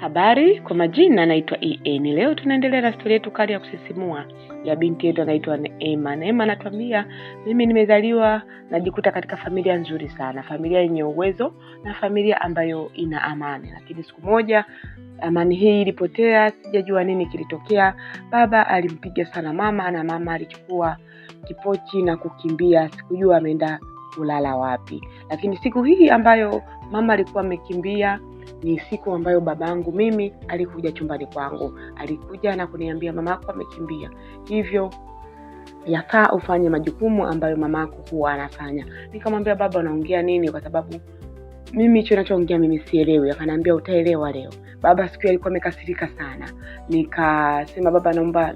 Habari, kwa majina naitwa EA. Ni leo tunaendelea na stori yetu kali ya kusisimua ya binti yetu anaitwa Neema. Neema anatuambia, mimi nimezaliwa najikuta katika familia nzuri sana, familia yenye uwezo na familia ambayo ina amani, lakini siku moja amani hii ilipotea, sijajua nini kilitokea. Baba alimpiga sana mama na mama alichukua kipochi na kukimbia, sikujua ameenda kulala wapi. Lakini siku hii ambayo mama alikuwa amekimbia ni siku ambayo babangu mimi alikuja chumbani kwangu, alikuja na kuniambia mamako amekimbia, hivyo yafaa ufanye majukumu ambayo mamako huwa anafanya. Nikamwambia baba, unaongea nini? Kwa sababu mimi hicho nachoongea mimi sielewi. akanaambia utaelewa leo. Baba siku hiyo alikuwa amekasirika sana. Nikasema baba, naomba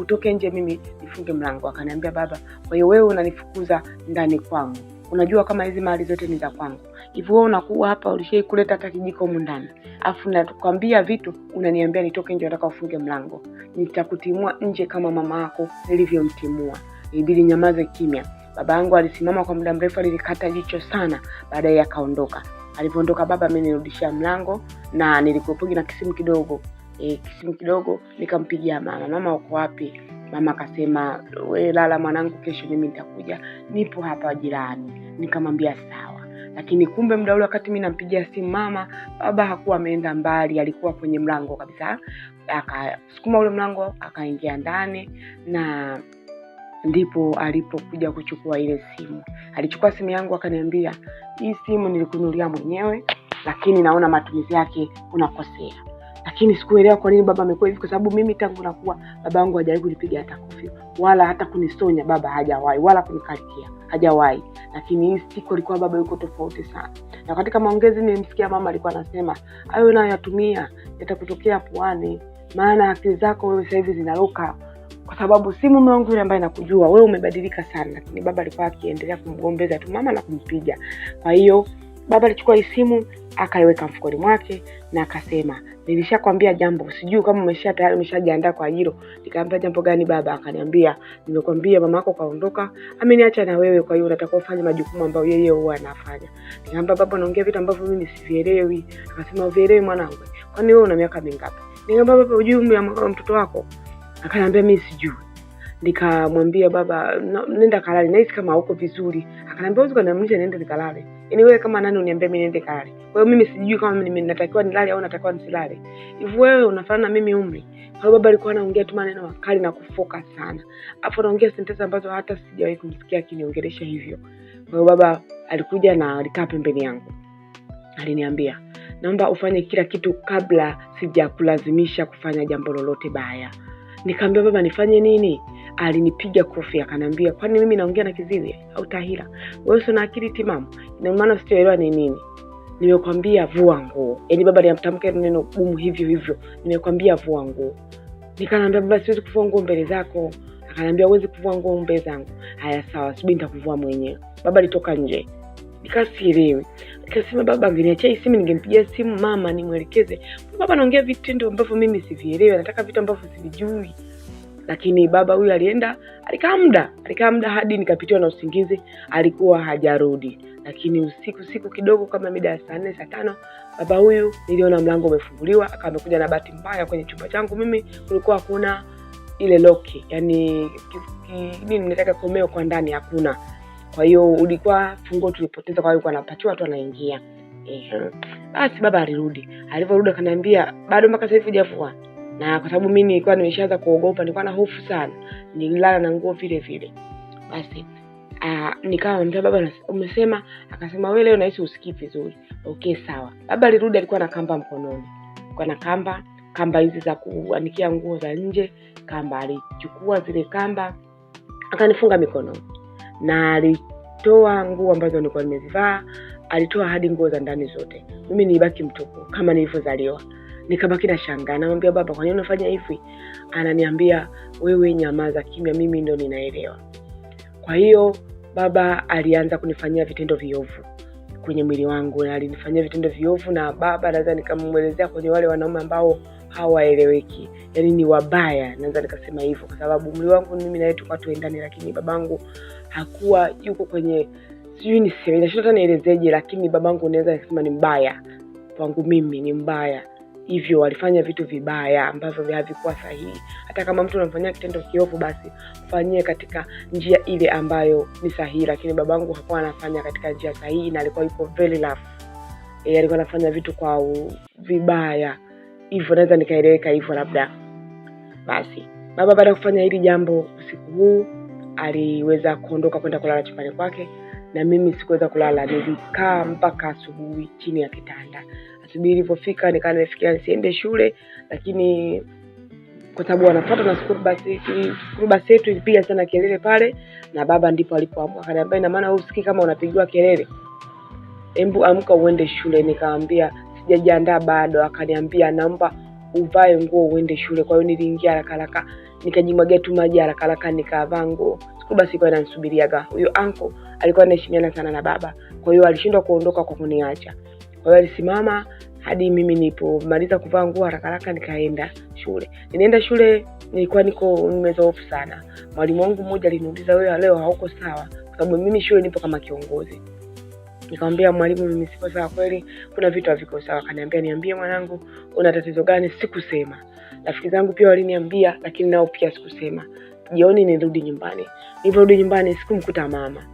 utoke nje, mimi nifunge mlango. akanaambia baba, kwa hiyo wewe unanifukuza ndani kwangu, unajua kama hizi mali zote ni za kwangu hivyo wewe unakuwa hapa ulishai kuleta hata kijiko humu ndani, afu nakwambia vitu unaniambia nitoke nje, nataka ufunge mlango. Nitakutimua nje kama mama yako nilivyomtimua. Ibidi nyamaze kimya. Baba yangu alisimama kwa muda mrefu, alilikata jicho sana, baadaye akaondoka. Alipoondoka baba, mimi nirudishia mlango na nilikupiga na kisimu kidogo e, kisimu kidogo nikampigia mama, mama uko wapi? Mama akasema we lala mwanangu, kesho mimi nitakuja, nipo hapa jirani. Nikamwambia sawa lakini kumbe muda ule wakati mimi nampigia simu mama, baba hakuwa ameenda mbali, alikuwa kwenye mlango kabisa, akasukuma ule mlango akaingia ndani na ndipo alipokuja kuchukua ile simu. Alichukua simu yangu akaniambia, hii simu nilikunulia mwenyewe, lakini naona matumizi yake unakosea lakini sikuelewa kwa nini baba amekuwa hivi, kwa sababu mimi tangu nakuwa baba yangu hajawahi kunipiga hata kofi wala hata kunisonya. Baba hajawahi wala kunikarikia hajawahi, lakini hii siku alikuwa baba yuko tofauti sana. Na katika maongezi nilimsikia mama alikuwa anasema hayo unayoyatumia yatakutokea puani, maana akili zako wewe sasa hivi zinaloka kwa sababu si mume wangu yule ambaye nakujua wewe, umebadilika sana. Lakini baba alikuwa akiendelea kumgombeza tu mama na kumpiga, kwa hiyo Baba alichukua hii simu akaiweka mfukoni mwake na akasema, nilishakwambia jambo, sijui kama umesha tayari umeshajiandaa kwa ajili. Nikamwambia jambo gani baba? Akaniambia, nimekwambia mama yako kaondoka, ameniacha na wewe, kwa hiyo unataka ufanye majukumu ambayo yeye huwa anafanya. Nikamwambia baba, naongea vitu ambavyo mimi sivielewi. Akasema, uvielewi mwanangu, kwani wewe una miaka mingapi? Nikamwambia baba, ujui umri wa mtoto wako? Akaniambia mimi sijui. Nikamwambia baba, nenda kalale, nahisi kama hauko vizuri. Akaniambia uwezi kuniamrisha niende nikalale. Yaani kama nani uniambie mimi niende kale? Kwa hiyo mimi sijui kama mimi natakiwa nilale au natakiwa nisilale. Hivyo wewe unafanana na mimi umri. Kwa baba alikuwa anaongea tu maneno makali na kufoka sana. Hapo anaongea sentensi ambazo hata sijawahi kumsikia akiniongelesha hivyo. Kwa hiyo baba alikuja na alikaa pembeni yangu. Aliniambia, "Naomba ufanye kila kitu kabla sijakulazimisha kufanya jambo lolote baya." Nikaambia baba, nifanye nini? Alinipiga kofi akanaambia kwani mimi naongea na kiziwi au tahira? Wewe sio na akili timamu, ina maana usielewa ni nini? Nimekwambia vua nguo. Yaani baba niamtamka neno gumu hivyo hivyo, nimekwambia vua nguo. Nikaambia baba, siwezi kuvua nguo mbele zako. Akanambia huwezi kuvua nguo mbele zangu. Haya sawa, subiri nitakuvua mwenyewe. Baba alitoka nje nikawa Nikasema baba angeniachia simu, ningempigia simu mama nimwelekeze. Baba anaongea vitendo ambavyo mimi sivielewi, anataka vitu ambavyo sivijui. Lakini baba huyu alienda, alikaa muda, alikaa muda hadi nikapitiwa na usingizi, alikuwa hajarudi. Lakini usiku siku kidogo, kama mida ya saa nne saa tano, baba huyu niliona mlango umefunguliwa, akawa amekuja. Na bahati mbaya kwenye chumba changu mimi kulikuwa hakuna ile loki, yani nini, nataka komeo kwa ndani, hakuna kwa hiyo ulikuwa fungo tulipoteza, kwa hiyo alikuwa anapatiwa tu anaingia. Ehe. Basi baba alirudi. Alivyorudi akaniambia bado mpaka sasa hivi hujavua. Na kwa sababu mimi nilikuwa nimeshaanza kuogopa, nilikuwa na hofu sana. Nililala na nguo vile vile. Basi nikawa nikamwambia baba, umesema? Akasema wewe leo nahisi usikii vizuri. Okay, sawa. Baba alirudi alikuwa na kamba mkononi. Alikuwa na kamba, kamba hizi za kuanikia nguo za nje, kamba alichukua zile kamba akanifunga mikono na alitoa nguo ambazo nilikuwa nimezivaa, alitoa hadi nguo za ndani zote. Mimi nilibaki mtupu kama nilivyozaliwa, nikabaki na shanga Namwambia baba, kwa nini unafanya hivi? Ananiambia, wewe nyamaza kimya, mimi ndo ninaelewa. Kwa hiyo baba alianza kunifanyia vitendo viovu kwenye mwili wangu na alinifanyia vitendo viovu, na baba naweza nikamwelezea kwenye wale wanaume ambao hawaeleweki, yani ni wabaya, naweza nikasema hivyo, kwa sababu mwili wangu mimi na yeye tulikuwa tuendani, lakini babangu hakuwa yuko kwenye, sijui niseme, hata nielezeje, lakini babangu naweza nikasema ni mbaya kwangu mimi, ni mbaya hivyo walifanya vitu vibaya ambavyo havikuwa sahihi. Hata kama mtu unamfanyia kitendo kiovu, basi mfanyie katika njia ile ambayo ni sahihi, lakini babangu hakuwa anafanya katika njia sahihi, na alikuwa yuko very rough. E, alikuwa anafanya vitu kwa vibaya hivyo, naweza nikaeleweka hivyo labda. Basi baba baada ya kufanya hili jambo usiku huu aliweza kuondoka kwenda kulala chumbani kwake, na mimi sikuweza kulala, nilikaa mpaka asubuhi chini ya kitanda. Asubuhi ilivyofika nikaa nimefikiria nisiende shule, lakini kwa sababu wanafata na skuru yetu ilipiga sana kelele pale, na baba ndipo alipoamka kaniambia ina maana usikii kama unapigiwa kelele, embu amka uende shule. nikaambia sijajiandaa bado, akaniambia naomba uvae nguo uende shule. Kwa hiyo niliingia rakaraka nikajimwagia tu maji haraka haraka nikavaa nguo. Siku basi kwa ananisubiliaga. Huyo anko alikuwa anaheshimiana sana na baba, kwa hiyo alishindwa kuondoka kwa kuniacha. Kwa hiyo alisimama hadi mimi nilipomaliza kuvaa nguo haraka haraka nikaenda shule. Nilienda shule nilikuwa niko nimezoofu sana. Mwalimu wangu mmoja aliniuliza, wewe leo hauko sawa? Kwa sababu mimi shule nipo kama kiongozi. Nikamwambia mwalimu, mimi sipo sawa kweli, kuna vitu haviko sawa. Kaniambia, niambie mwanangu, una tatizo gani? Sikusema rafiki zangu pia waliniambia, lakini nao pia sikusema. Jioni nirudi nyumbani, nilivyorudi nyumbani sikumkuta mama,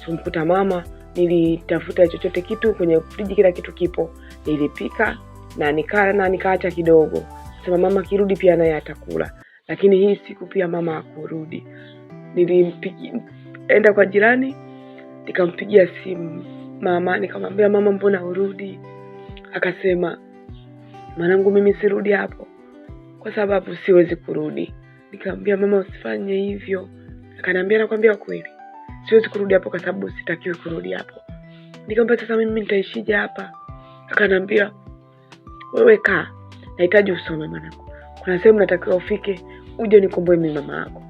sikumkuta mama. Nilitafuta chochote kitu kwenye friji, kila kitu kipo, nilipika na nikaa na nikaacha kidogo, sema mama kirudi pia naye atakula, lakini hii siku pia mama akurudi, Nilienda kwa jirani nikampigia simu mama, nikamwambia mama, mbona urudi? Akasema mwanangu, mimi sirudi hapo kwa sababu siwezi kurudi. Nikamwambia mama, usifanye hivyo. Akaniambia nakwambia kweli, siwezi kurudi hapo kwa sababu sitakiwi kurudi hapo. Nikamwambia sasa mimi nitaishije hapa? Akaniambia wewe kaa, nahitaji usome mwanangu, kuna sehemu natakiwa ufike, uje nikomboe mimi mama yako.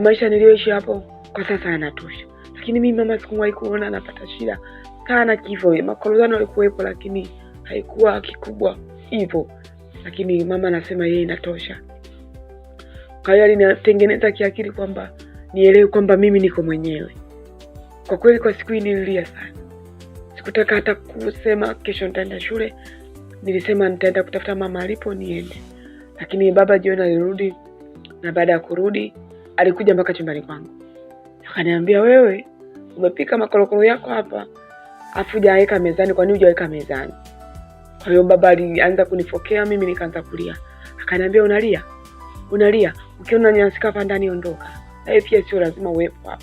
Maisha niliyoishi hapo kwa sasa yanatosha, lakini mimi mama sikumwahi kuona anapata shida kana kifo. Makorozano alikuwepo, lakini haikuwa kikubwa hivyo lakini mama anasema yeye inatosha. Kwa hiyo alinatengeneza kiakili kwamba nielewe kwamba mimi niko mwenyewe. Kwa kweli, kwa siku hii nililia sana, sikutaka hata kusema kesho nitaenda shule. Nilisema nitaenda kutafuta mama alipo niende, lakini baba jioni alirudi, na baada ya kurudi alikuja mpaka chumbani kwangu akaniambia, wewe umepika makorokoro yako hapa afu hujaweka mezani, kwani hujaweka mezani? Kwa hiyo baba alianza kunifokea mimi, nikaanza kulia. Akaniambia unalia, unalia, ukiona nyanyasika hapa ndani ondoka, na pia sio lazima uwepo hapa.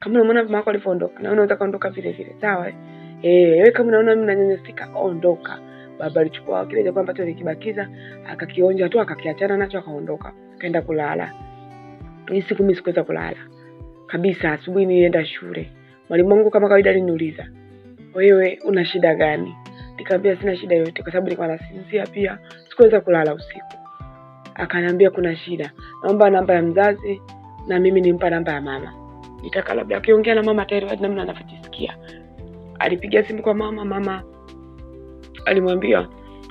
Kama unaona mama yako alivyoondoka na unaweza kaondoka vile vile, sawa eh? eh, wewe kama unaona mimi nanyanyasika, ondoka. Baba alichukua kile chakula ambacho nilikibakiza akakionja tu akakiachana nacho akaondoka, akaenda kulala. Ni siku mimi sikuweza kulala kabisa. Asubuhi nilienda shule, mwalimu wangu kama kawaida aliniuliza, wewe una shida gani? Nikamwambia sina shida yoyote, kwa sababu nilikuwa nasinzia pia, sikuweza kulala usiku. Akaniambia kuna shida, naomba namba ya mzazi na mimi nimpa namba ya mama, nitaka labda akiongea na mama tayari namna anavyojisikia. Alipiga simu kwa mama, mama alimwambia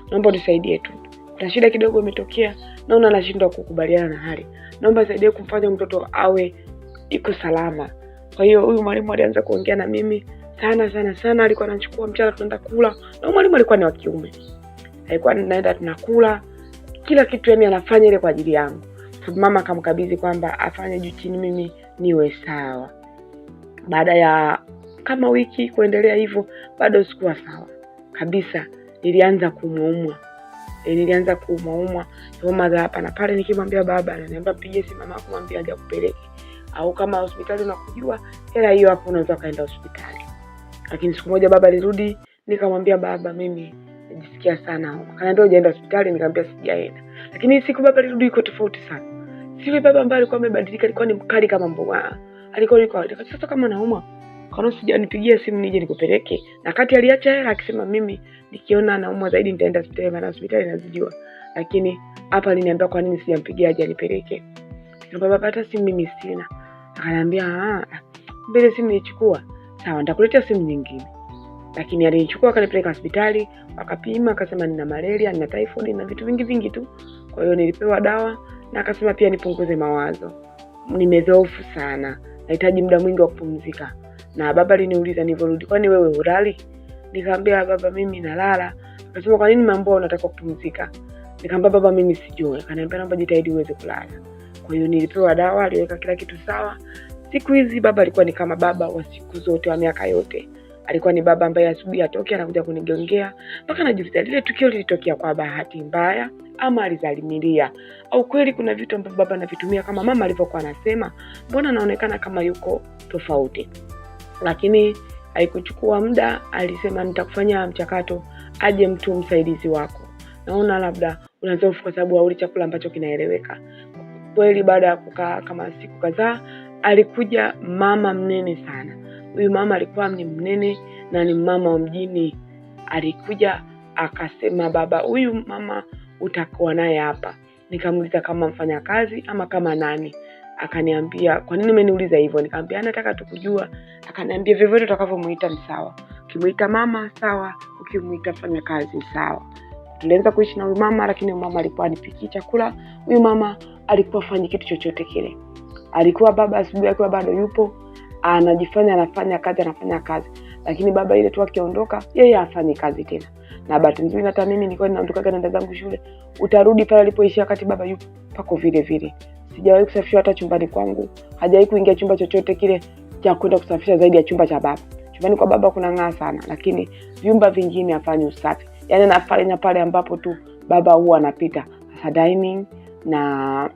naomba unisaidie tu, kuna shida kidogo imetokea, naona anashindwa kukubaliana na hali, naomba saidie kumfanya mtoto awe iko salama. Kwa hiyo huyu mwalimu alianza kuongea na mimi sana sana sana. Alikuwa anachukua mchana tunaenda kula, na mwalimu alikuwa ni wa kiume, alikuwa naenda tunakula kila kitu, yani anafanya ile kwa ajili yangu. Mama akamkabidhi kwamba afanye juu chini, mimi niwe sawa. Baada ya kama wiki kuendelea hivyo, bado sikuwa sawa kabisa, nilianza kumuumwa E, nilianza kuumaumwa homa za hapa na pale, nikimwambia baba ananiambia mpigie simu mama kumwambia aje akupeleke, au kama hospitali unakujua hela hiyo hapo, unaweza ukaenda hospitali. Lakini siku moja baba alirudi, nikamwambia baba, mimi najisikia sana homa. Kaniambia hujaenda hospitali? Nikamwambia sijaenda. Lakini siku baba alirudi iko tofauti sana. Sile baba ambaye alikuwa amebadilika, alikuwa ni mkali kama mboga. Alikuwa yuko alikuwa Sasa kama nauma, kana sija sijanipigia simu nije nikupeleke. Na kati aliacha hela akisema mimi nikiona naumwa zaidi nitaenda hospitali, maana hospitali nazijua. Lakini hapa aliniambia kwa nini sijampigia aje anipeleke. Baba hata simu mimi sina. Akaniambia ah, mbele simu nichukua sawa, nitakuletea simu nyingine. Lakini alinichukua akanipeleka hospitali, wakapima, akasema nina malaria, nina typhoid na vitu vingi vingi tu. Kwa hiyo nilipewa dawa na akasema pia nipunguze mawazo, nimedhoofu sana, nahitaji muda mwingi wa kupumzika. Na baba aliniuliza nilivyorudi, kwani wewe ulali? Nikamwambia baba, mimi nalala. Akasema kwa nini mambo unataka kupumzika? Nikamwambia baba, mimi sijui. Akaniambia naomba jitahidi uweze kulala. Kwa hiyo nilipewa dawa, aliweka kila kitu sawa, Siku hizi baba alikuwa ni kama baba wa siku zote wa miaka yote. Alikuwa ni baba ambaye asubuhi atoke anakuja kunigongea mpaka najiuliza lile tukio lilitokea kwa bahati mbaya ama alizalimilia au kweli kuna vitu ambavyo baba anavitumia kama mama alivyokuwa anasema, mbona anaonekana kama yuko tofauti. Lakini haikuchukua muda, alisema nitakufanya mchakato, aje mtu msaidizi wako, naona labda unazofu kwa sababu hauli chakula ambacho kinaeleweka. Kweli baada ya kukaa kama siku kadhaa alikuja mama mnene sana. Huyu mama alikuwa ni mnene na ni mama wa mjini. Alikuja akasema, baba, huyu mama utakuwa naye hapa. Nikamuuliza kama mfanyakazi ama kama nani. Akaniambia, kwa nini umeniuliza hivyo? Nikamwambia nataka tukujua. Akaniambia, vyovyote utakavyomuita ni sawa, ukimuita mama sawa, ukimuita mfanyakazi sawa. Tulianza kuishi na huyu mama, lakini huyu mama alikuwa anipikii chakula, huyu mama alikuwa afanyi kitu chochote kile alikuwa baba asubuhi akiwa bado yupo anajifanya anafanya kazi anafanya kazi, lakini baba ile tu akiondoka, yeye hafanyi kazi tena. Na bahati nzuri hata mimi nilikuwa ninaondokaga naenda zangu shule, utarudi pale alipoishia wakati baba yupo pako vile vile. Sijawahi kusafisha hata chumbani kwangu, hajawahi kuingia chumba chochote kile cha kwenda kusafisha zaidi ya chumba cha baba. Chumbani kwa baba kuna ng'aa sana, lakini vyumba vingine afanye usafi, yaani anafanya pale ambapo tu baba huwa anapita, hasa dining na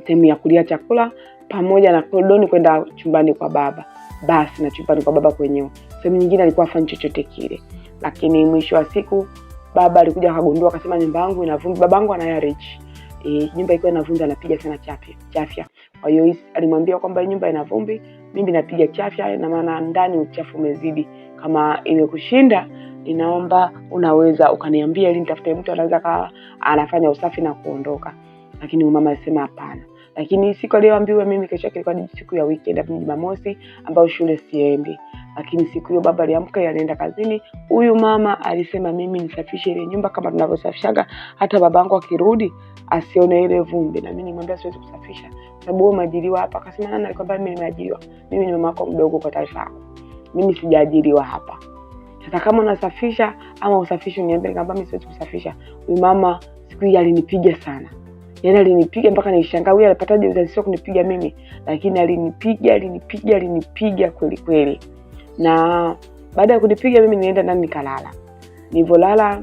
sehemu ya kulia chakula pamoja na kodoni kwenda chumbani kwa baba, basi na chumbani kwa baba kwenyewe. Sehemu nyingine alikuwa afanyi chochote kile, lakini mwisho wa siku baba alikuja akagundua, akasema nyumba yangu ina vumbi. Babangu ana garage e, nyumba ilikuwa ina vumbi, anapiga sana chafya chafya. Kwa hiyo alimwambia kwamba nyumba ina vumbi, mimi napiga chafya, na maana ndani uchafu umezidi. Kama imekushinda ninaomba unaweza ukaniambia, ili nitafute mtu anaweza kaa anafanya usafi na kuondoka lakini mama alisema hapana. Lakini siku aliyoambiwa mimi, kesho yake ilikuwa ni siku ya weekend, ya Jumamosi ambayo shule siendi. Lakini siku hiyo baba aliamka, yeye alienda kazini. Huyu mama alisema mimi nisafishe ile nyumba kama tunavyosafishaga, hata babangu akirudi asione ile vumbi. Na mimi nimwambia siwezi kusafisha sababu wewe umeajiriwa hapa. Akasema nani alikwambia mimi nimeajiriwa? Mimi ni mama yako mdogo, kwa taarifa yako, mimi sijaajiriwa hapa. Sasa kama unasafisha ama usafishi uniambie. Nikamwambia mimi siwezi kusafisha. Huyu mama siku hiyo alinipiga sana yani alinipiga mpaka nishangaa, huyu alipataje ujasiri wa kunipiga mimi lakini alinipiga alinipiga alinipiga kweli kweli na baada ya kunipiga mimi nienda ndani nikalala nilivyolala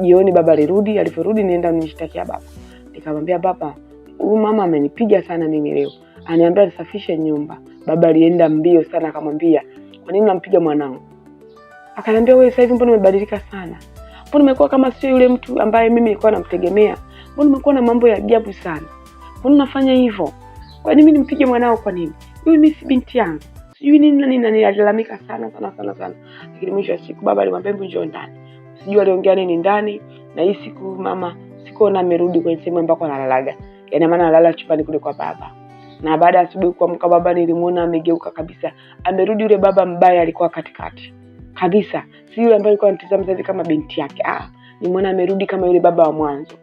jioni baba alirudi alivyorudi nienda nishtakia baba nikamwambia baba huyu mama amenipiga sana mimi leo aniambia nisafishe nyumba baba alienda mbio sana akamwambia kwa nini nampiga mwanangu akaniambia wewe sasa hivi mbona umebadilika sana mbona umekuwa kama sio yule mtu ambaye mimi nilikuwa namtegemea mbona umekuwa na mambo ya ajabu sana? Mbona unafanya hivyo? Kwa nini mimi nimpige mwanao? Kwa nini huyu? Mimi si binti yangu, sijui nini na nini. Alilalamika sana sana sana sana, lakini mwisho wa siku baba alimwambia hebu njoo ndani. Sijui aliongea nini ndani, na hii siku mama sikuona amerudi kwenye sehemu ambako analalaga, yaani maana analala chupani kule kwa baba na baada ya asubuhi kuamka, baba nilimwona amegeuka kabisa, amerudi yule baba mbaya alikuwa katikati kabisa, si yule ambaye alikuwa anatizama sasa kama binti yake. Ah, nimwona amerudi kama yule baba wa mwanzo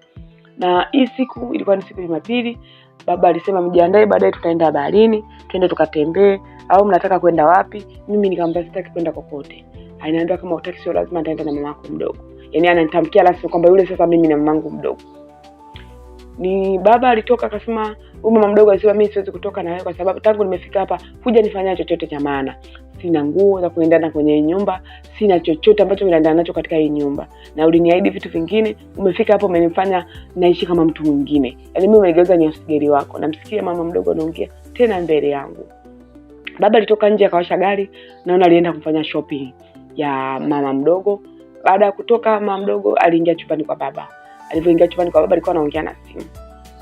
na hii siku ilikuwa ni siku ya Jumapili. Baba alisema mjiandae, baadaye tutaenda baharini, twende tukatembee, au mnataka kwenda wapi? Mimi nikamwambia sitaki kwenda kokote. Aliniambia kama utaki, sio lazima, nitaenda na mamako mdogo. Yani ananitamkia rasmi kwamba yule sasa mimi na mamangu mdogo. Ni baba alitoka akasema huyu mama mdogo alisema mimi siwezi kutoka na wewe kwa sababu tangu nimefika hapa nifanya chochote cha maana. Sina nguo za kuendana kwenye hii nyumba, sina chochote ambacho ninaendana nacho katika hii nyumba, na uliniahidi vitu vingine. Umefika hapo umenifanya naishi kama mtu mwingine, yaani mimi umegeuza ni asigeri wako. Namsikia mama mdogo anaongea tena mbele yangu. Baba alitoka nje akawasha gari, naona alienda kufanya shopping ya mama mdogo. Baada ya kutoka, mama mdogo aliingia chumbani kwa baba. Alivyoingia chumbani kwa baba, alikuwa anaongea na simu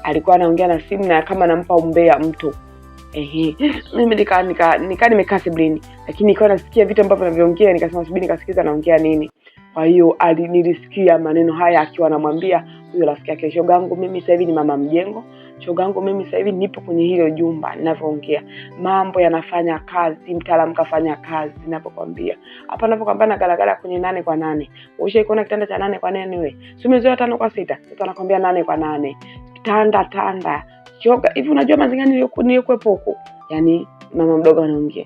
alikuwa anaongea na simu na kama anampa umbea mtu ehe, mimi nika nika nika, nimekaa sebuleni, lakini nikawa nasikia vitu ambavyo anavyoongea, nikasema subiri nikasikiza anaongea nini. Kwa hiyo nilisikia maneno haya akiwa anamwambia huyo rafiki yake, shogangu mimi sasa hivi ni mama mjengo, shogangu mimi sasa hivi nipo kwenye hilo jumba ninavyoongea, mambo yanafanya kazi, mtaalamu kafanya kazi. Ninapokwambia hapa, ninapokwambia na galagala kwenye nane kwa nane, ushaikuona kitanda cha nane kwa nane? We si umezoea tano kwa sita, sasa anakwambia nane kwa nane tanda tanda shoga hivi, unajua mazingira niliyokuwepo huko, yani mama mdogo anaongea,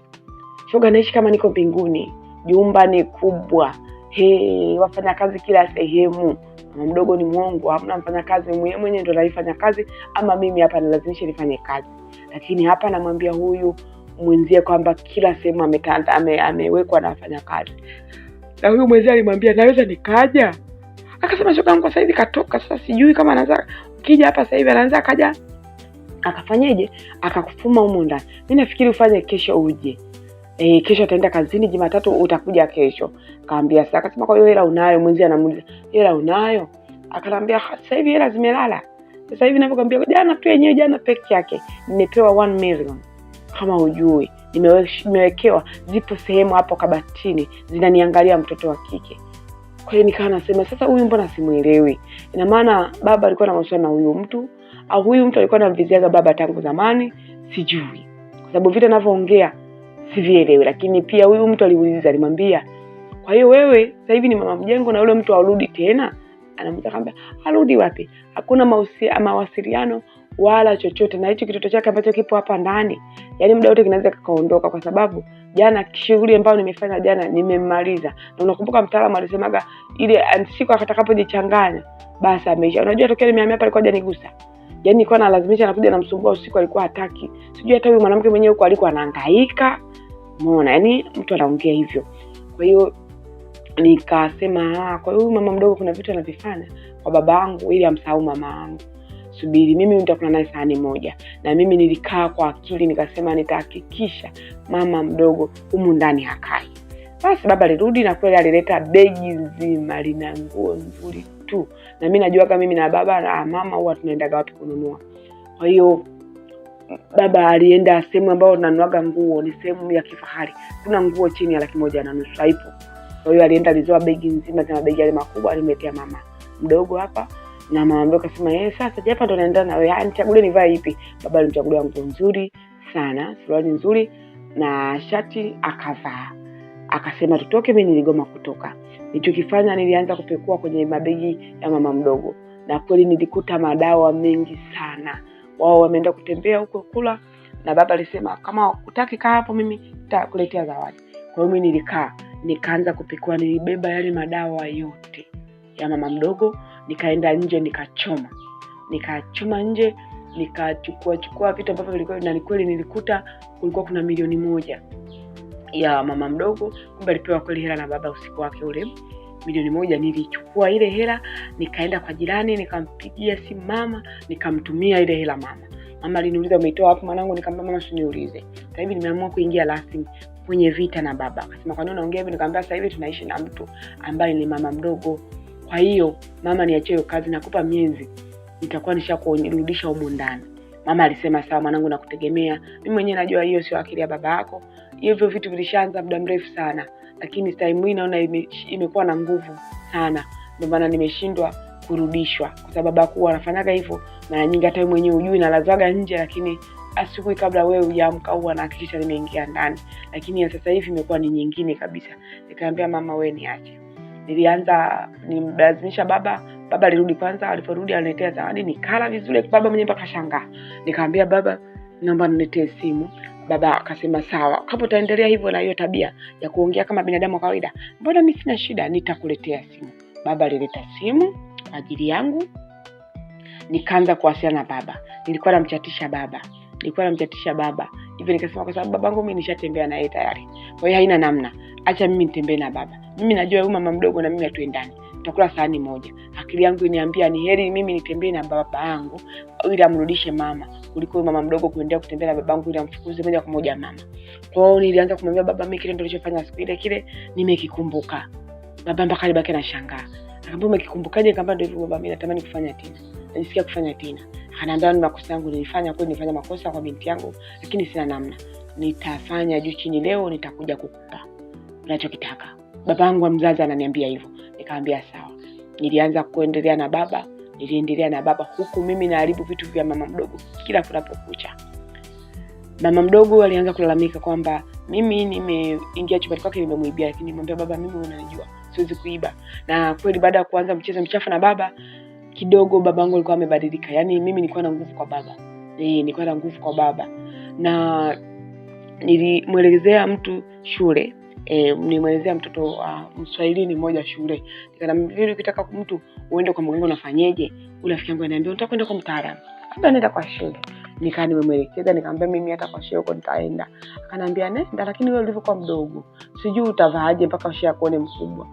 shoga, naishi kama niko mbinguni, jumba ni kubwa, he, wafanya kazi kila sehemu. Mama mdogo ni mwongo, hamna kazi mwenyewe mwenyewe ndo naifanya kazi, ama mimi hapa nalazimisha nifanye kazi. Lakini hapa namwambia huyu mwenzie kwamba kila sehemu ametanda, ame, amewekwa na kazi. na huyu mwenzie alimwambia naweza nikaja, akasema shoga yangu sasa hivi katoka, sasa sijui kama anaweza ukija hapa sasa hivi anaanza akaja akafanyeje akakufuma humu ndani. Mi nafikiri ufanye kesho uje E, kesho ataenda kazini Jumatatu, utakuja kesho. Kaambia sasa, akasema kwa hiyo hela unayo? Mwenzi anamuuliza hela unayo? Akanambia sasa hivi hela zimelala. Sasa hivi ninavyokuambia, jana tu yenyewe, jana peke yake nimepewa 1 million, kama ujui, nimewekewa, zipo sehemu hapo kabatini zinaniangalia mtoto wa kike. Kwa hiyo nikawa nasema sasa, huyu mbona simuelewi? Ina maana baba alikuwa na mahusiano na huyu mtu au huyu mtu alikuwa anamviziaga baba tangu zamani? Sijui, kwa sababu vile anavyoongea sivielewi. Lakini pia huyu mtu aliuliza, alimwambia, kwa hiyo wewe sasa hivi ni mama mjengo na yule mtu arudi tena? Anamwambia akamwambia arudi wapi? Hakuna mawasiliano wala chochote, na hicho kitoto chake ambacho kipo hapa ndani, yani muda wote kinaweza kikaondoka, kwa sababu jana shughuli ambayo nimefanya jana nimemmaliza. Na unakumbuka mtaalamu alisemaga ile siku atakapojichanganya basi ameisha. Unajua tokea nimehamia hapa alikuwa hajanigusa yaani nilikuwa nalazimisha, anakuja namsumbua usiku, alikuwa hataki, sijui hata huyu mwanamke mwenyewe huko alikuwa anahangaika. Umeona, yani mtu anaongea hivyo. Kwa hiyo nikasema, ah, kwa hiyo huyu mama mdogo kuna vitu anavifanya kwa baba yangu ili amsahau mama yangu subiri, mimi nitakula naye sahani moja. Na mimi nilikaa kwa akili nikasema, nitahakikisha mama mdogo humu ndani hakai. Basi baba alirudi na kweli alileta begi nzima lina nguo nzuri tu, na mi najuaga mimi na baba na mama huwa tunaendaga wapi kununua. Kwa hiyo baba alienda sehemu ambayo nanuaga nguo, ni sehemu ya kifahari, kuna nguo chini ya laki moja na nusu haipo. Kwa hiyo alienda alizoa begi nzima za mabegi yale makubwa, alimletea mama mdogo hapa na mama ambaye kasema yeye eh, sasa je, hapa ndo naenda na wewe, yani nichagulie nivae ipi? Baba alimchagulia nguo nzuri sana, suruali nzuri na shati akavaa, akasema tutoke. Mimi niligoma kutoka. Nilichokifanya, nilianza kupekua kwenye mabegi ya mama mdogo, na kweli nilikuta madawa mengi sana. Wao wameenda kutembea huko kula, na baba alisema kama hutaki kaa hapo, mimi nitakuletea zawadi. Kwa hiyo mimi nilikaa, nikaanza kupekua, nilibeba yale madawa yote ya mama mdogo nikaenda nje nikachoma nikachoma nje nikachukua chukua vitu ambavyo vilikuwa na kweli nilikuta kulikuwa kuna milioni moja ya mama mdogo kumbe alipewa kweli hela na baba usiku wake ule milioni moja nilichukua ile hela nikaenda kwa jirani nikampigia simu mama nikamtumia ile hela mama mama aliniuliza umeitoa wapi mwanangu nikamwambia mama usiniulize sasa hivi nimeamua kuingia rasmi kwenye vita na baba akasema kwa nini unaongea hivi nikamwambia sasa hivi tunaishi na mtu ambaye ni mama mdogo kwa hiyo mama, niachie hiyo kazi, nakupa miezi, nitakuwa nishakurudisha humu ndani. Mama alisema sawa, mwanangu, nakutegemea. Mimi mwenyewe najua hiyo sio akili ya baba yako, hivyo vitu vilishaanza muda mrefu sana, lakini hii naona imekuwa na nguvu sana, ndio maana nimeshindwa kurudishwa, kwa sababu hakuwa wanafanyaga hivyo mara nyingi. Hata mwenyewe ujui nalazwaga nje, lakini asubuhi kabla wewe hujaamka huwa anahakikisha nimeingia ndani, lakini ya sasa hivi imekuwa ni nyingine kabisa. Nikaambia mama, wewe niache nilianza nimlazimisha baba baba alirudi kwanza, aliporudi aliletea zawadi, nikala vizuri, baba mwenyewe akashangaa. Nikamwambia baba, naomba niletee simu. Baba akasema sawa, kama utaendelea hivyo na hiyo tabia ya kuongea kama binadamu kawaida, mbona mimi sina shida, nitakuletea simu. Baba alileta simu kwa ajili yangu, nikaanza kuwasiliana na baba. Nilikuwa namchatisha baba, nilikuwa namchatisha baba hivyo, nikasema kwa sababu babangu mimi nishatembea na yeye tayari, kwa hiyo haina namna, acha mimi nitembee na baba mimi najua huyu mama mdogo na mimi hatuendani, tutakula sahani moja. Akili yangu iniambia ni heri mimi nitembee na baba yangu ili amrudishe mama kuliko mama mdogo kuendelea kutembea na babangu ili amfukuze moja kwa moja mama. Kwa hiyo nilianza kumwambia baba, mimi kile ndio nilichofanya siku ile, kile nimekikumbuka. Baba mpaka alibaki anashangaa, akaambia umekikumbukaje? kamba ndio hivyo baba, mimi natamani kufanya tena, najisikia kufanya tena. anaambia ni makosa yangu nilifanya, kweli nilifanya makosa kwa binti yangu, lakini sina namna, nitafanya juu chini, leo nitakuja kukupa unachokitaka baba yangu mzazi ananiambia hivyo. Nikamwambia sawa. Nilianza kuendelea na baba, niliendelea na baba huku mimi naharibu vitu vya mama mdogo kila kunapokucha. Mama mdogo alianza kulalamika kwamba mimi nimeingia chumbani kwake nimemwibia, lakini nimwambia baba, mimi unanijua siwezi kuiba. Na kweli baada ya kuanza mchezo mchafu na baba kidogo babangu alikuwa amebadilika. Yaani mimi nilikuwa na nguvu kwa baba. e, nilikuwa na nguvu kwa baba. Na nilimwelezea mtu shule e, eh, nimwelezea mtoto uh, mswahili ni mmoja shule nikamwambia ukitaka mtu uende kwa mganga unafanyeje ule rafiki yangu anaambia unataka kwenda kwa mtaalamu labda naenda kwa shule nikaa nimemwelekeza nikamwambia mimi hata kwa shule huko nitaenda akaniambia nenda lakini wewe ulivyokuwa mdogo sijui utavaaje mpaka shule akuone mkubwa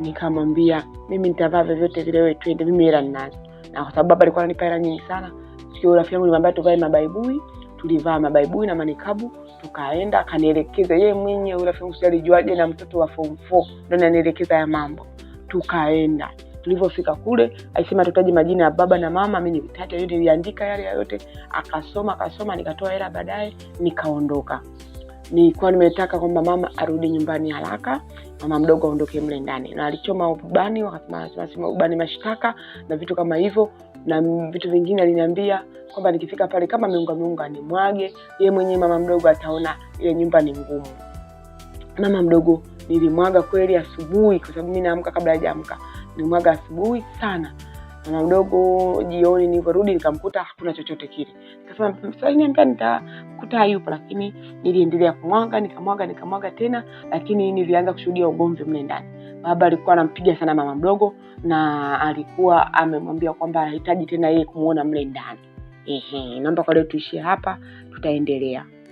nikamwambia mimi nitavaa vyovyote vile wewe twende mimi hela ninazo na kwa sababu baba alikuwa ananipa hela nyingi sana siku rafiki yangu nimwambia tuvae mabaibui tulivaa mabaibui na manikabu tukaenda, akanielekeza yeye mwenyewe yule rafiki alijuaje, na mtoto wa form 4 ndo ananielekeza ya mambo. Tukaenda, tulivyofika kule alisema tutaje majina ya baba na mama, mimi nilitaja yote, niliandika yale yote, akasoma akasoma, nikatoa hela baadaye nikaondoka. Nilikuwa nimetaka kwamba mama arudi nyumbani haraka, mama mdogo aondoke mle ndani, na alichoma ubani wakasema, sema ubani mashtaka na vitu kama hivyo, na vitu vingine. Aliniambia kwamba nikifika pale kama miunga miunga ni mwage, ye mwenyewe mama mdogo ataona ile nyumba ni ngumu. Mama mdogo nilimwaga kweli asubuhi, kwa sababu mimi naamka kabla hajaamka. Nilimwaga asubuhi sana na udogo jioni nilivyorudi nikamkuta hakuna chochote kile. Nikasema sasa niambia nitakuta hayupo, lakini niliendelea kumwaga nikamwaga nikamwaga tena, lakini nilianza kushuhudia ugomvi mle ndani. Baba alikuwa anampiga sana mama mdogo, na alikuwa amemwambia kwamba anahitaji tena yeye kumuona mle ndani. Ehe, naomba kwa leo tuishie hapa, tutaendelea.